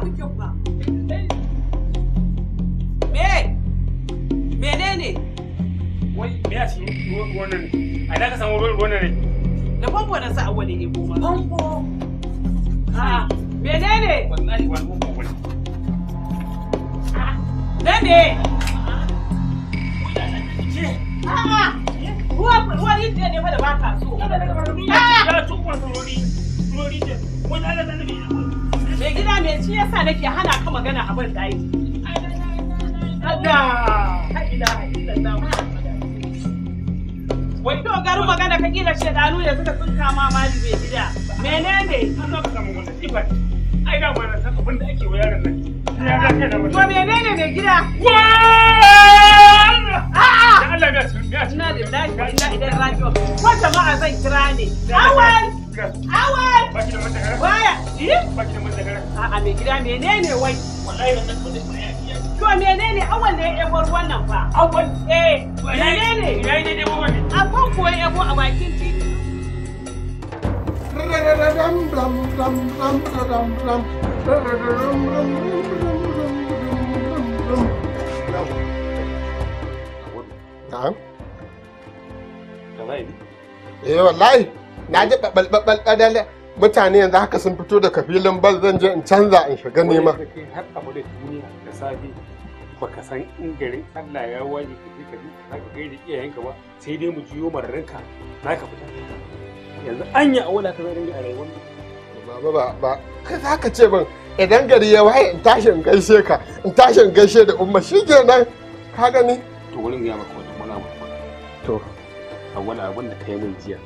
ba kyau ba. Me? Menene? Wai, me ya shi wannan? A ina ka samu ruwan ne? Da famfo na sa awwali ne ko Famfo. A menene? Wallahi wani famfo wani. Na A'a. Ruwa rijiya ne fa da baka so. Ya tukwa turori. Turori ce. Wani ala zanabi Mai gida mai shi yasa nake hana ka magana a ban daki. Allah, haila haila Wai to garin magana ka kila shedanu da suka sun kama mali mai gida. Menene? An zaka samu wata sifar. Ai da ma san abin da ake wa yaron nan. To menene mai gida? A'a! Da Allah Na da lafiya ina idan rajiyo. Ko jama'a zan kira ne. Awan! iska. Awa! Baki da matakara? Waya! Eh? Baki da matakara? A'a mai gida menene wai? Wallahi wannan kudin To menene awal ne ya bar wannan fa? Awal? Eh, menene? Yayi ne dai wannan. Akwai ko ya yabo a bakin titi. Ram ram ram ram ram ram. Ram ram Na'am? Kana Eh wallahi. na ji ɓaɓɓalɓaɓɓal ɗadale mutane yanzu haka sun fito da kafilin, bal zan je in canza in shiga nema har abu da duniya da safe baka san in garin Allah ya waje ka je ka bi za ka gaida iyayenka ba sai dai mu jiyo mararinka za ka fita yanzu anya a wala ka zai dinga a rayuwar Baba ba ba kai za ka ce min idan gari ya waye in tashi in gaishe ka in tashi in gaishe da umma shi shikenan ka gani to wurin ya maka wata mana to a wani abin da ka yi min jiya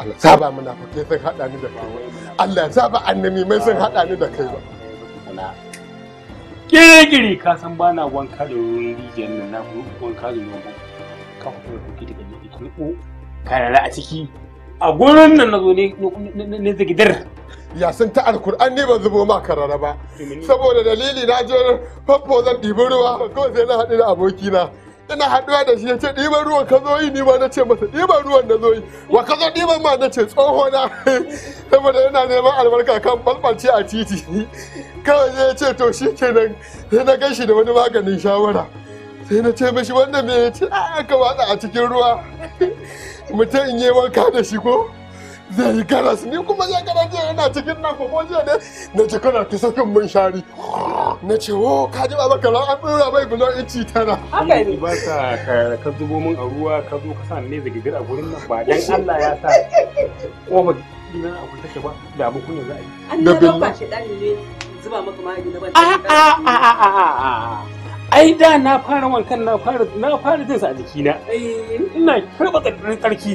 Allah saba munafukai sun hada ni da kai Allah saba annami mai sun hada ni da kai ba kirkiri ka san ba na wanka da ruwan rijiyar nan na wanka da ruwan ka kuma kuki daga ne ita ko karara a ciki a gurin nan nazo ne ne zagidar ya san ta alkur'an ne ban zubo ma karara ba saboda dalili na je fafo zan ɗibi ruwa ko sai na haɗu da abokina ina haɗuwa da shi ya ce ɗiban ruwan ka zo yi ni ma na ce masa ɗiban ruwan na zo yi wa ka zo ɗiban ma na ce tsoho na saboda yana neman albarka kan balbalce a titi kawai ya ce to shi nan sai na gan shi da wani maganin shawara sai na ce mashi wanda me ya ce a ah, ka watsa a cikin ruwa mutum in yi wanka da shi ko zai yi karas ni kuma zai gara jiya yana cikin nan ko jiya ne na ce kana ta sakin mun shari na ce wo oh, ka ji baba kala an dora bai bulo inci tana. haka ne ba ka ka zubo mun a ruwa ka zo ka sa ne zagigir a gurin nan ba dan Allah ya sa kofa ina a kuta ke ba da abu kunya za a yi an da ba shi ne zuba maka magani na a a a a a ai da na fara wankan na fara na fara jinsa a jikina eh. ina karɓa tsarki.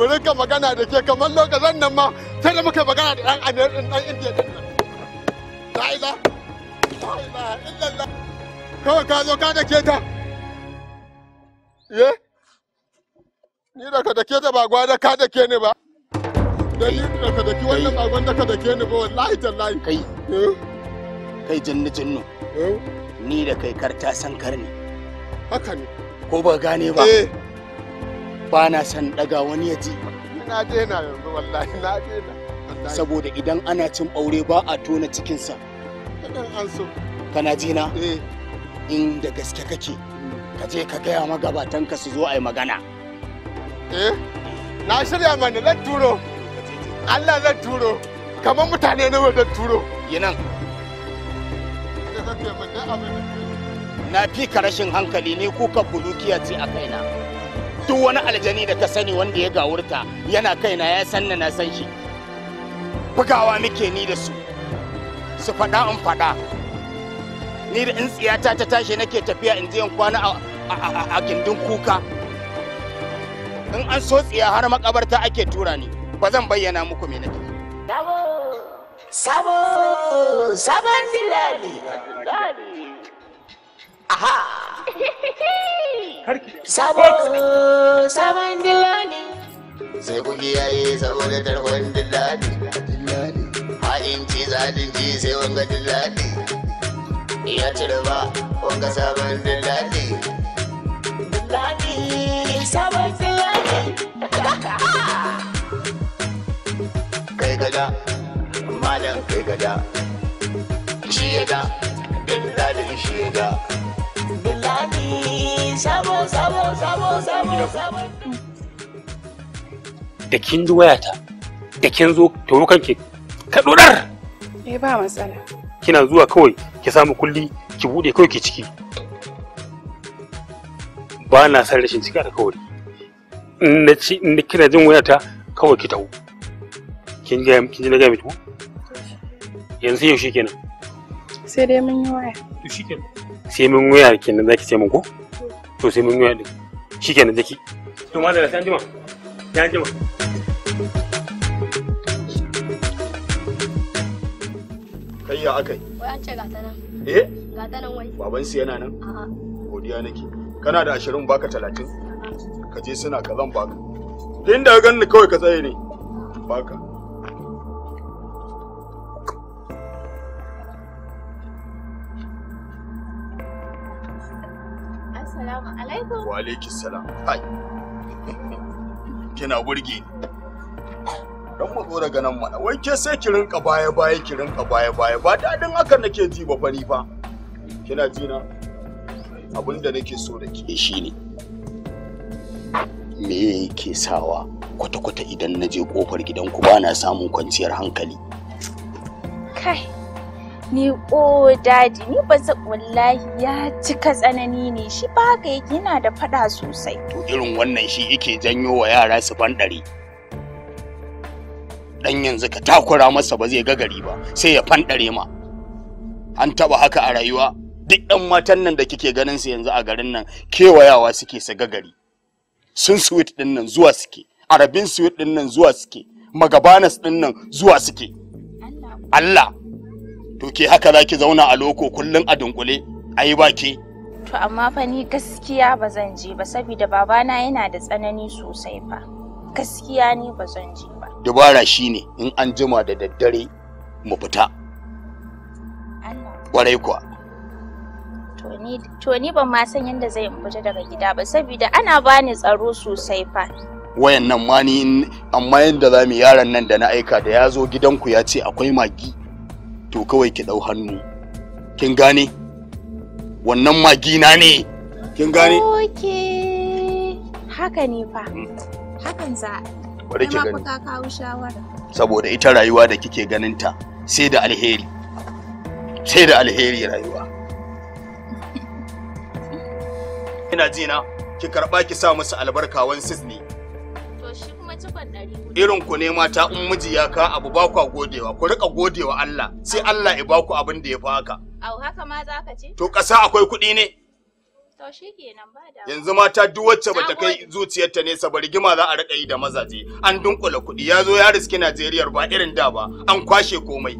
mu rinka magana da ke kamar lokacin nan ma sai da muka magana da ɗan amir ɗin ɗan indiya ɗin nan la'ila in lalla kawai ka zo ka da ke ta ye eh? ni da ka da ke ta ba gwada ka da ke ni ba dan ni da ka da ke wannan ba da ka da ke ni ba wallahi tallahi kai eh? kai jinnu jinnu eh? ni da kai karta san karni haka ne ko ba gane ba eh ba na son daga wani ya ji na je na yanzu wallahi na je na saboda idan ana cin aure ba a tona cikinsa an so kana ji na eh. in da gaske kake ka je ka gaya magabatan ka su zo a yi magana eh na shirya mana zan turo Allah zan turo kamar mutane nawa zan turo yi na fi ka rashin hankali ne kuka bulukiya ce a kaina duk wani aljani da ka sani wanda ya gawurta yana kaina ya sanna na san shi bugawa muke ni da su su faɗa in faɗa ni da in tsiyata ta tashi nake tafiya in je in kwana a gindin kuka in an so tsiya har makabarta ake tura ni ba zan bayyana muku me nake sabo sabo sabon dilali aha sabon sabon dillani sai kuki yayi saboda tarkon dillani ha'in ci zaɗin ci sai wanga dillani ya cire ba wanga sabon dillani dillani sabon dillani kai gada malam kai gada shi ya da dillalin shi ya da kin ji wayata da kin zo to kanki ka dodar eh ba matsala kina zuwa kawai ki samu kulli ki bude kawai ki ciki ba na san rashin ciki da kawai in na ci in kina jin wayata kawai ki tawo kin ga kin ji na ga mutu yanzu yaushe kenan sai dai mun yi waya to shikenan sai mun waya kenan zaki ce mun ko to sai mun yi shi kenan jiki to ma da sai an jima sai jima kai ya akai wai an ce gata nan eh gata nan wai baban su yana nan a'a godiya nake kana da ashirin baka talatin ka je suna ka zan baka inda ga ganni kawai ka tsaye ne baka Assalamu alaikum. Wa alaikis salam. Hai. Kina burge ni. Dan mu daga nan mana. Wai ke sai ki rinka baya baya ki rinka baya baya ba dadin haka nake ji ba fari ba. Kina ji na? Abin da nake so da ke shine. Me yake sawa kwata-kwata idan na je kofar gidanku ba na samun kwanciyar hankali. Kai. ni o daddy ni ba zan wallahi ya cika tsanani ne shi ba ga yake yana da fada sosai to irin wannan shi yake janyo wa yara su fanɗare dan yanzu ka takura masa ba zai ga gari ba sai ya fanɗare ma an taba haka a rayuwa duk ɗan matan nan da kike ganin su yanzu a garin nan kewayawa suke su ga sun suwit din nan zuwa suke arabin suwit din nan zuwa suke magabanas din nan zuwa suke Allah to ke haka za ki zauna a loko kullum a dunkule a yi baki to amma fa ni gaskiya ba zan je ba saboda babana yana da tsanani sosai fa gaskiya ni ba zan je ba dubara shine in an jima da daddare mu fita kwarai kuwa to ni ban ma san yadda zai in fita daga gida ba saboda ana bani tsaro sosai fa wayan nan ma ni amma yadda za mu yaran nan da na aika da ya zo gidanku ya ce akwai magi to kawai ki ɗau hannu kin gane wannan magina ne kin gane oke haka ne fa mm. hakan za bari ki gani ka kawo shawara saboda ita rayuwa da kike ganin ta sai da alheri sai da alheri rayuwa ina ji na ki karba ki sa musu albarka wan sis ne irin ku ne mata in miji ya ka abu ba kwa godewa ku rika godewa Allah sai Allah ya baku abin da ya fi haka au haka ma za ce to kasa akwai kuɗi ne to shikenan ba da yanzu mata duk wacce bata kai zuciyarta nesa sabar gima za a rika yi da mazaje an dunkula kuɗi ya zo ya riski Najeriya ba irin da ba an kwashe komai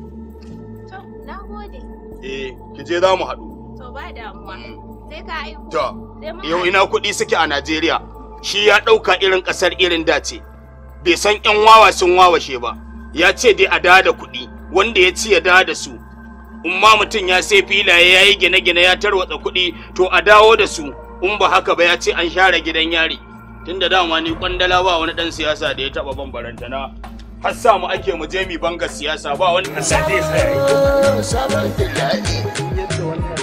to nagode eh ki za mu haɗu to ba damuwa mm. sai ka aiko to yau ina kuɗi suke a Najeriya shi ya ɗauka irin ƙasar irin dace. bai san yan wawa sun wawashe ba ya ce dai a da da kuɗi wanda ya ci ya da da su in mutum ya sai filaye ya yi gine-gine ya tarwatsa kuɗi to a dawo da su in ba haka ba ya ce an share gidan yari tunda dama ni kwandala ba wani dan siyasa da ya taɓa bambaranta na har sa mu ake mu je mi bangar siyasa ba wani dan siyasa ya yi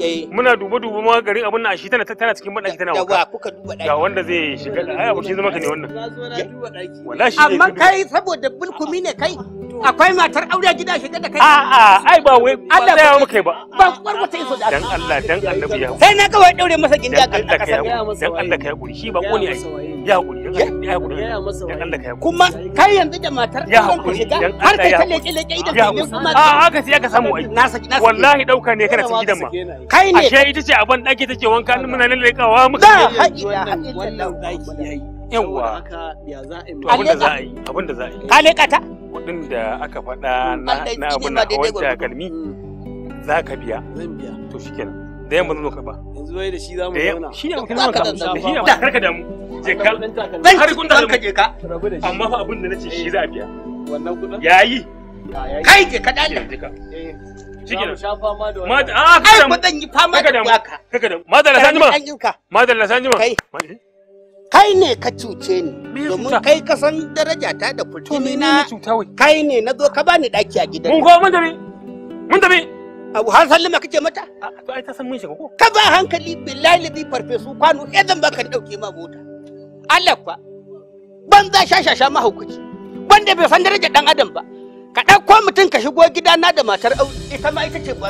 Eh. muna dubu-dubu ma garin abin nan a shi tana tana cikin baɗaki tana waka yawa kuka duba ɗaki ga wanda zai shiga ai abu shi zama ka ne wannan wallahi amma kai saboda bulkumi ne kai akwai matar aure gida shiga da kai a'a ai ba wai Allah ya mu kai ba ba kwar wata iso da dan Allah dan annabi ya sai na kawai daure masa gindi a kan kasa dan Allah ka yi guri shi ba ko ne ai ya haƙuri ya haƙuri ya masa kuma kai yanzu da matar ya haƙuri har kai ta leke leke idan kai ne kuma a sai aka samu ai na saki na wallahi dauka ne kada saki ma kai ne ashe ita ce aban dake take wanka muna nan lekawa muka da haƙi wannan daki yayi yawa abin da za a yi abin da za a yi ka leka ta kudin da aka faɗa mm, na na abin na wanda kalmi za ka biya zan biya to shikenan da yamma zan zo ka yanzu wai da shi za mu zauna shi ne mutum zan da shi ne karka damu je ka zan har gunda ka je ka amma fa abin da nace shi za a biya wannan kudin yayi kai je ka dade eh. shikenan sha fama da wannan a ah, kai zan yi fama da baka kaga da madalla sanjima madalla sanjima kai kai ne ka cuce ni domin kai ka san daraja ta da furtumi na kai ne na zo ka bani daki a gidan mun ko mun tafi mun tafi abu har sallama kake mata? To ai ta san mun shiga ko? Ka ba hankali billahi bi farfesu kwano idan eh, baka dauke ma mota. Allah kuwa banza shashasha mahaukaci wanda bai san darajar dan adam ba ka ɗauko mutum ka shigo gidana da matar ita ma ita ce